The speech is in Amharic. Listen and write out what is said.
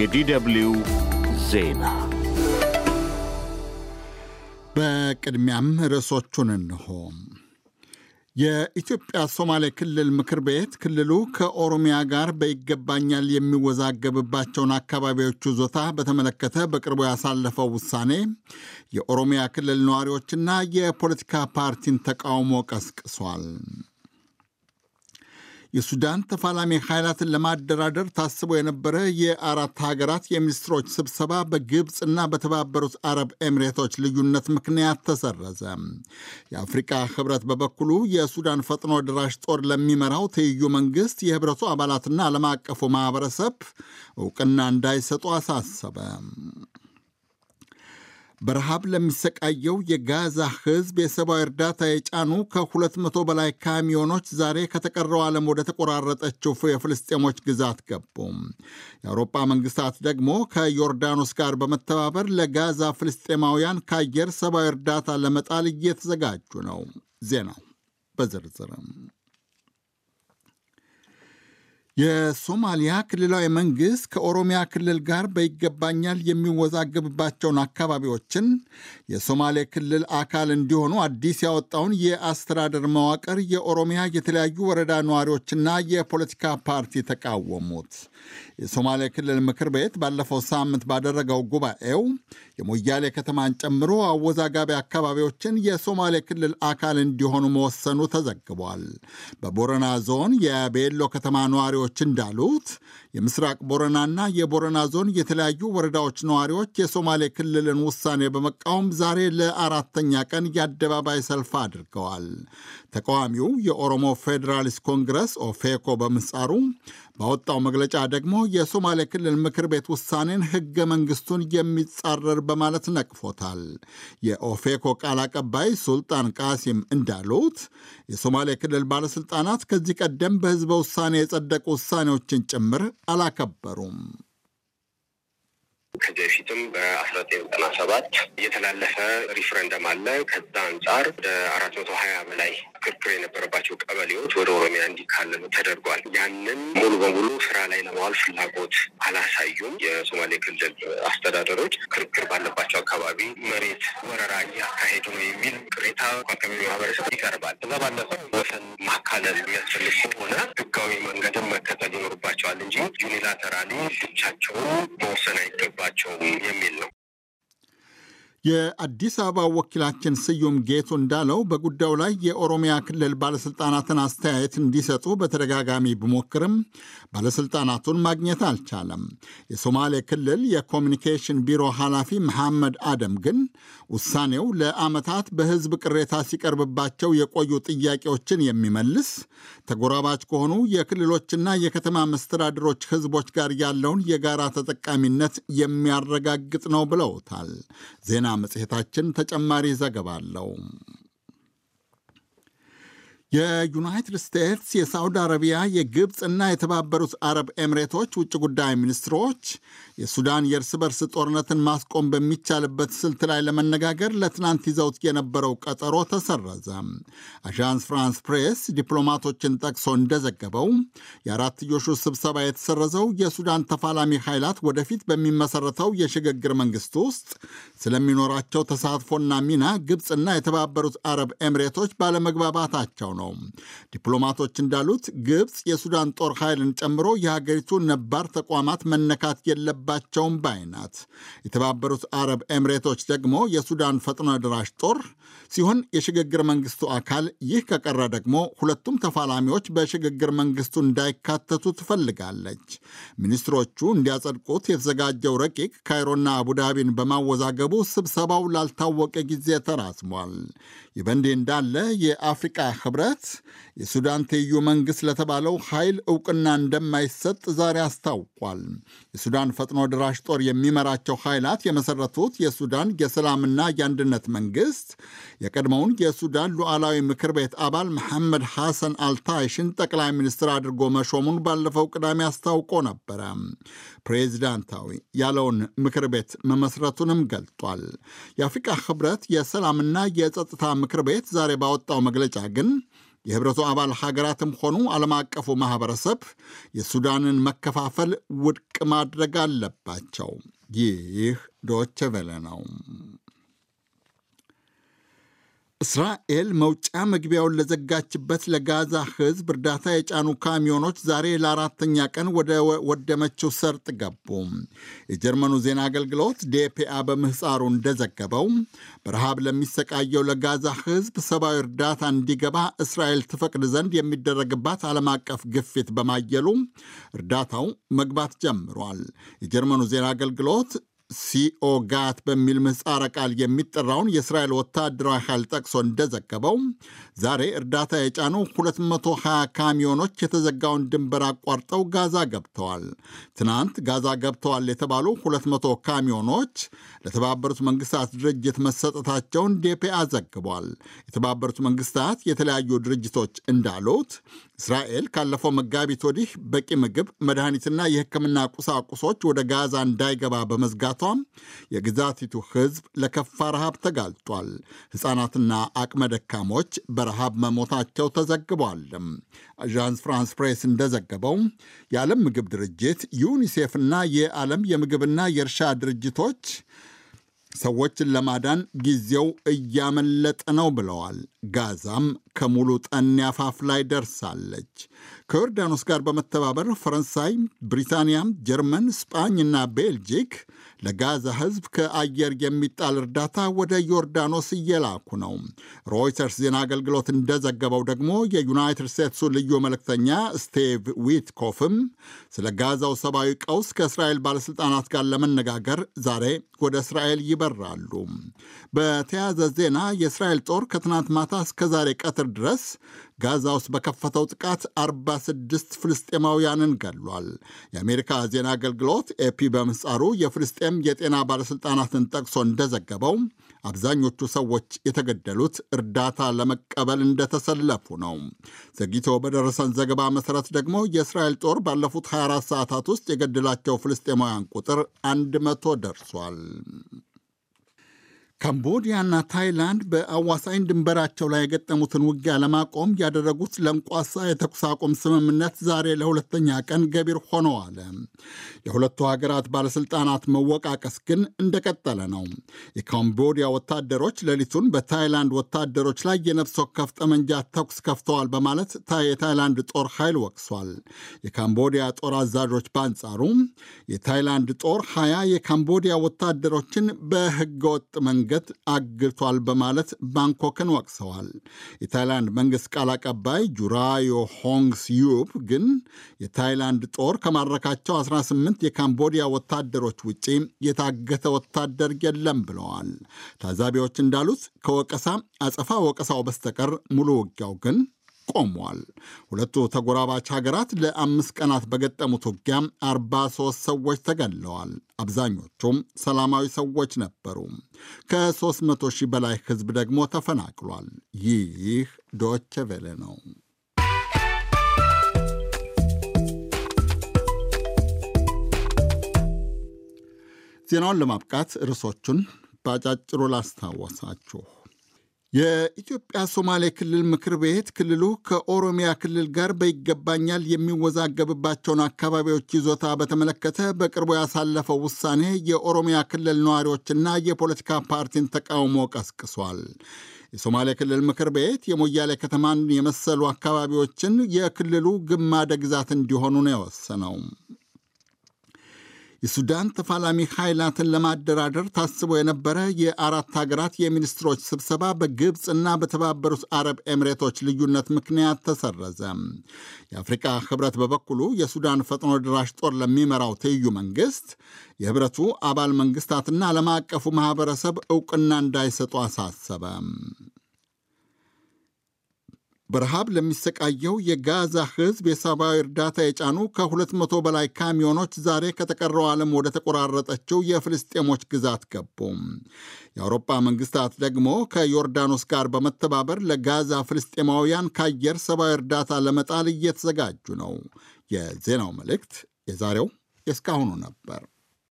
የዲደብሊው ዜና በቅድሚያም ርዕሶቹን እንሆ። የኢትዮጵያ ሶማሌ ክልል ምክር ቤት ክልሉ ከኦሮሚያ ጋር በይገባኛል የሚወዛገብባቸውን አካባቢዎች ዞታ በተመለከተ በቅርቡ ያሳለፈው ውሳኔ የኦሮሚያ ክልል ነዋሪዎችና የፖለቲካ ፓርቲን ተቃውሞ ቀስቅሷል። የሱዳን ተፋላሚ ኃይላትን ለማደራደር ታስቦ የነበረ የአራት ሀገራት የሚኒስትሮች ስብሰባ በግብፅና በተባበሩት አረብ ኤምሬቶች ልዩነት ምክንያት ተሰረዘ። የአፍሪካ ህብረት በበኩሉ የሱዳን ፈጥኖ ድራሽ ጦር ለሚመራው ትይዩ መንግስት የህብረቱ አባላትና ዓለም አቀፉ ማህበረሰብ እውቅና እንዳይሰጡ አሳሰበ። በረሃብ ለሚሰቃየው የጋዛ ሕዝብ የሰብአዊ እርዳታ የጫኑ ከ200 በላይ ካሚዮኖች ዛሬ ከተቀረው ዓለም ወደ ተቆራረጠችው የፍልስጤሞች ግዛት ገቡ። የአውሮፓ መንግስታት ደግሞ ከዮርዳኖስ ጋር በመተባበር ለጋዛ ፍልስጤማውያን ከአየር ሰብአዊ እርዳታ ለመጣል እየተዘጋጁ ነው። ዜናው በዝርዝርም የሶማሊያ ክልላዊ መንግስት ከኦሮሚያ ክልል ጋር በይገባኛል የሚወዛገብባቸውን አካባቢዎችን የሶማሌ ክልል አካል እንዲሆኑ አዲስ ያወጣውን የአስተዳደር መዋቅር የኦሮሚያ የተለያዩ ወረዳ ነዋሪዎችና የፖለቲካ ፓርቲ ተቃወሙት። የሶማሌ ክልል ምክር ቤት ባለፈው ሳምንት ባደረገው ጉባኤው የሞያሌ ከተማን ጨምሮ አወዛጋቢ አካባቢዎችን የሶማሌ ክልል አካል እንዲሆኑ መወሰኑ ተዘግቧል። በቦረና ዞን የቤሎ ከተማ ነዋሪዎች ተንታኞች እንዳሉት የምስራቅ ቦረናና የቦረና ዞን የተለያዩ ወረዳዎች ነዋሪዎች የሶማሌ ክልልን ውሳኔ በመቃወም ዛሬ ለአራተኛ ቀን የአደባባይ ሰልፍ አድርገዋል። ተቃዋሚው የኦሮሞ ፌዴራሊስት ኮንግረስ ኦፌኮ በምህጻሩ ባወጣው መግለጫ ደግሞ የሶማሌ ክልል ምክር ቤት ውሳኔን ህገ መንግስቱን የሚጻረር በማለት ነቅፎታል። የኦፌኮ ቃል አቀባይ ሱልጣን ቃሲም እንዳሉት የሶማሌ ክልል ባለስልጣናት ከዚህ ቀደም በህዝበ ውሳኔ የጸደቁ ውሳኔዎችን ጭምር አላከበሩም። ከዚህ በፊትም በአስራ ዘጠኝ ዘጠና ሰባት እየተላለፈ ሪፍረንደም አለ። ከዛ አንጻር ወደ አራት መቶ ሀያ በላይ ክርክር የነበረባቸው ቀበሌዎች ወደ ኦሮሚያ እንዲካለሉ ተደርጓል። ያንን ሙሉ በሙሉ ስራ ላይ ለማዋል ፍላጎት አላሳዩም። የሶማሌ ክልል አስተዳደሮች ክርክር ባለባቸው አካባቢ መሬት ወረራ እያካሄዱ ነው የሚል ቅሬታ ከአካባቢ ማህበረሰብ ይቀርባል። ከዛ ባለፈው ወሰን ማካለል የሚያስፈልግ ከሆነ ህጋዊ መንገድን መከተል ይኖር እንጂ ዩኒላተራሊ ብቻቸውን መወሰን አይገባቸውም የሚል ነው። የአዲስ አበባ ወኪላችን ስዩም ጌቱ እንዳለው በጉዳዩ ላይ የኦሮሚያ ክልል ባለስልጣናትን አስተያየት እንዲሰጡ በተደጋጋሚ ብሞክርም ባለስልጣናቱን ማግኘት አልቻለም። የሶማሌ ክልል የኮሚኒኬሽን ቢሮ ኃላፊ መሐመድ አደም ግን ውሳኔው ለዓመታት በህዝብ ቅሬታ ሲቀርብባቸው የቆዩ ጥያቄዎችን የሚመልስ ተጎራባች ከሆኑ የክልሎችና የከተማ መስተዳድሮች ህዝቦች ጋር ያለውን የጋራ ተጠቃሚነት የሚያረጋግጥ ነው ብለውታል ዜና መጽሔታችን ተጨማሪ ዘገባ አለው። የዩናይትድ ስቴትስ፣ የሳውዲ አረቢያ፣ የግብፅ እና የተባበሩት አረብ ኤምሬቶች ውጭ ጉዳይ ሚኒስትሮች የሱዳን የእርስ በርስ ጦርነትን ማስቆም በሚቻልበት ስልት ላይ ለመነጋገር ለትናንት ይዘውት የነበረው ቀጠሮ ተሰረዘ። አዣንስ ፍራንስ ፕሬስ ዲፕሎማቶችን ጠቅሶ እንደዘገበው የአራትዮሹ ስብሰባ የተሰረዘው የሱዳን ተፋላሚ ኃይላት ወደፊት በሚመሰረተው የሽግግር መንግስት ውስጥ ስለሚኖራቸው ተሳትፎና ሚና ግብፅና የተባበሩት አረብ ኤምሬቶች ባለመግባባታቸው ነው። ነው። ዲፕሎማቶች እንዳሉት ግብፅ የሱዳን ጦር ኃይልን ጨምሮ የሀገሪቱ ነባር ተቋማት መነካት የለባቸውም ባይ ናት። የተባበሩት አረብ ኤምሬቶች ደግሞ የሱዳን ፈጥኖ ደራሽ ጦር ሲሆን የሽግግር መንግስቱ አካል፣ ይህ ከቀረ ደግሞ ሁለቱም ተፋላሚዎች በሽግግር መንግስቱ እንዳይካተቱ ትፈልጋለች። ሚኒስትሮቹ እንዲያጸድቁት የተዘጋጀው ረቂቅ ካይሮና አቡዳቢን በማወዛገቡ ስብሰባው ላልታወቀ ጊዜ ተራዝሟል። ይህ በእንዲህ እንዳለ የአፍሪቃ ህብረት that የሱዳን ትይዩ መንግሥት ለተባለው ኃይል እውቅና እንደማይሰጥ ዛሬ አስታውቋል። የሱዳን ፈጥኖ ድራሽ ጦር የሚመራቸው ኃይላት የመሠረቱት የሱዳን የሰላምና የአንድነት መንግሥት የቀድሞውን የሱዳን ሉዓላዊ ምክር ቤት አባል መሐመድ ሐሰን አልታይሽን ጠቅላይ ሚኒስትር አድርጎ መሾሙን ባለፈው ቅዳሜ አስታውቆ ነበረ። ፕሬዚዳንታዊ ያለውን ምክር ቤት መመስረቱንም ገልጧል። የአፍሪቃ ህብረት የሰላምና የጸጥታ ምክር ቤት ዛሬ ባወጣው መግለጫ ግን የህብረቱ አባል ሀገራትም ሆኑ ዓለም አቀፉ ማህበረሰብ የሱዳንን መከፋፈል ውድቅ ማድረግ አለባቸው። ይህ ዶቸ ቬለ ነው። እስራኤል መውጫ መግቢያውን ለዘጋችበት ለጋዛ ሕዝብ እርዳታ የጫኑ ካሚዮኖች ዛሬ ለአራተኛ ቀን ወደ ወደመችው ሰርጥ ገቡ። የጀርመኑ ዜና አገልግሎት ዴፒአ በምህፃሩ እንደዘገበው በረሃብ ለሚሰቃየው ለጋዛ ሕዝብ ሰብአዊ እርዳታ እንዲገባ እስራኤል ትፈቅድ ዘንድ የሚደረግባት ዓለም አቀፍ ግፊት በማየሉ እርዳታው መግባት ጀምሯል። የጀርመኑ ዜና አገልግሎት ሲኦጋት በሚል ምህጻረ ቃል የሚጠራውን የእስራኤል ወታደራዊ ኃይል ጠቅሶ እንደዘገበው ዛሬ እርዳታ የጫኑ 220 ካሚዮኖች የተዘጋውን ድንበር አቋርጠው ጋዛ ገብተዋል። ትናንት ጋዛ ገብተዋል የተባሉ 200 ካሚዮኖች ለተባበሩት መንግስታት ድርጅት መሰጠታቸውን ዴፒአ ዘግቧል። የተባበሩት መንግስታት የተለያዩ ድርጅቶች እንዳሉት እስራኤል ካለፈው መጋቢት ወዲህ በቂ ምግብ፣ መድኃኒትና የሕክምና ቁሳቁሶች ወደ ጋዛ እንዳይገባ በመዝጋቷ በመብዛቷም የግዛቲቱ ህዝብ ለከፋ ረሃብ ተጋልጧል። ሕፃናትና አቅመ ደካሞች በረሃብ መሞታቸው ተዘግቧል። አዣንስ ፍራንስ ፕሬስ እንደዘገበው የዓለም ምግብ ድርጅት ዩኒሴፍና የዓለም የምግብና የእርሻ ድርጅቶች ሰዎችን ለማዳን ጊዜው እያመለጠ ነው ብለዋል። ጋዛም ከሙሉ ጠኔ አፋፍ ላይ ደርሳለች። ከዮርዳኖስ ጋር በመተባበር ፈረንሳይ፣ ብሪታንያ፣ ጀርመን፣ ስጳኝ እና ቤልጂክ ለጋዛ ሕዝብ ከአየር የሚጣል እርዳታ ወደ ዮርዳኖስ እየላኩ ነው። ሮይተርስ ዜና አገልግሎት እንደዘገበው ደግሞ የዩናይትድ ስቴትሱ ልዩ መልእክተኛ ስቴቭ ዊትኮፍም ስለ ጋዛው ሰብአዊ ቀውስ ከእስራኤል ባለሥልጣናት ጋር ለመነጋገር ዛሬ ወደ እስራኤል ይበራሉ። በተያያዘ ዜና የእስራኤል ጦር ከትናንት ማታ ማታ እስከ ዛሬ ቀትር ድረስ ጋዛ ውስጥ በከፈተው ጥቃት 46 ፍልስጤማውያንን ገድሏል። የአሜሪካ ዜና አገልግሎት ኤፒ በምጻሩ የፍልስጤም የጤና ባለሥልጣናትን ጠቅሶ እንደዘገበው አብዛኞቹ ሰዎች የተገደሉት እርዳታ ለመቀበል እንደተሰለፉ ነው። ዘግይቶ በደረሰን ዘገባ መሠረት ደግሞ የእስራኤል ጦር ባለፉት 24 ሰዓታት ውስጥ የገደላቸው ፍልስጤማውያን ቁጥር 100 ደርሷል። ካምቦዲያና ታይላንድ በአዋሳኝ ድንበራቸው ላይ የገጠሙትን ውጊያ ለማቆም ያደረጉት ለምቋሳ የተኩስ አቁም ስምምነት ዛሬ ለሁለተኛ ቀን ገቢር ሆነዋል። የሁለቱ ሀገራት ባለስልጣናት መወቃቀስ ግን እንደቀጠለ ነው። የካምቦዲያ ወታደሮች ሌሊቱን በታይላንድ ወታደሮች ላይ የነፍስ ወከፍ ጠመንጃ ተኩስ ከፍተዋል በማለት የታይላንድ ጦር ኃይል ወቅሷል። የካምቦዲያ ጦር አዛዦች በአንጻሩ የታይላንድ ጦር ሀያ የካምቦዲያ ወታደሮችን በህገወጥ መንገድ እድገት አግቷል በማለት ባንኮክን ወቅሰዋል። የታይላንድ መንግሥት ቃል አቀባይ ጁራዮ ዩብ ግን የታይላንድ ጦር ከማረካቸው 18 የካምቦዲያ ወታደሮች ውጪ የታገተ ወታደር የለም ብለዋል። ታዛቢዎች እንዳሉት ከወቀሳ አጸፋ ወቀሳው በስተቀር ሙሉ ውጊያው ግን ቆሟል። ሁለቱ ተጎራባች ሀገራት ለአምስት ቀናት በገጠሙት ውጊያ 43 ሰዎች ተገለዋል። አብዛኞቹም ሰላማዊ ሰዎች ነበሩ። ከ300 ሺህ በላይ ሕዝብ ደግሞ ተፈናቅሏል። ይህ ዶቼ ቬለ ነው። ዜናውን ለማብቃት ርዕሶቹን በአጫጭሩ ላስታወሳችሁ። የኢትዮጵያ ሶማሌ ክልል ምክር ቤት ክልሉ ከኦሮሚያ ክልል ጋር በይገባኛል የሚወዛገብባቸውን አካባቢዎች ይዞታ በተመለከተ በቅርቡ ያሳለፈው ውሳኔ የኦሮሚያ ክልል ነዋሪዎችና የፖለቲካ ፓርቲን ተቃውሞ ቀስቅሷል። የሶማሌ ክልል ምክር ቤት የሞያሌ ከተማን የመሰሉ አካባቢዎችን የክልሉ ግማደ ግዛት እንዲሆኑ ነው የወሰነው። የሱዳን ተፋላሚ ኃይላትን ለማደራደር ታስቦ የነበረ የአራት ሀገራት የሚኒስትሮች ስብሰባ በግብፅና በተባበሩት አረብ ኤምሬቶች ልዩነት ምክንያት ተሰረዘ። የአፍሪቃ ህብረት በበኩሉ የሱዳን ፈጥኖ ድራሽ ጦር ለሚመራው ትይዩ መንግስት የህብረቱ አባል መንግስታትና ዓለም አቀፉ ማህበረሰብ እውቅና እንዳይሰጡ አሳሰበ። በረሃብ ለሚሰቃየው የጋዛ ሕዝብ የሰብአዊ እርዳታ የጫኑ ከ200 በላይ ካሚዮኖች ዛሬ ከተቀረው ዓለም ወደ ተቆራረጠችው የፍልስጤሞች ግዛት ገቡ። የአውሮፓ መንግስታት ደግሞ ከዮርዳኖስ ጋር በመተባበር ለጋዛ ፍልስጤማውያን ከአየር ሰብአዊ እርዳታ ለመጣል እየተዘጋጁ ነው። የዜናው መልእክት የዛሬው የእስካሁኑ ነበር።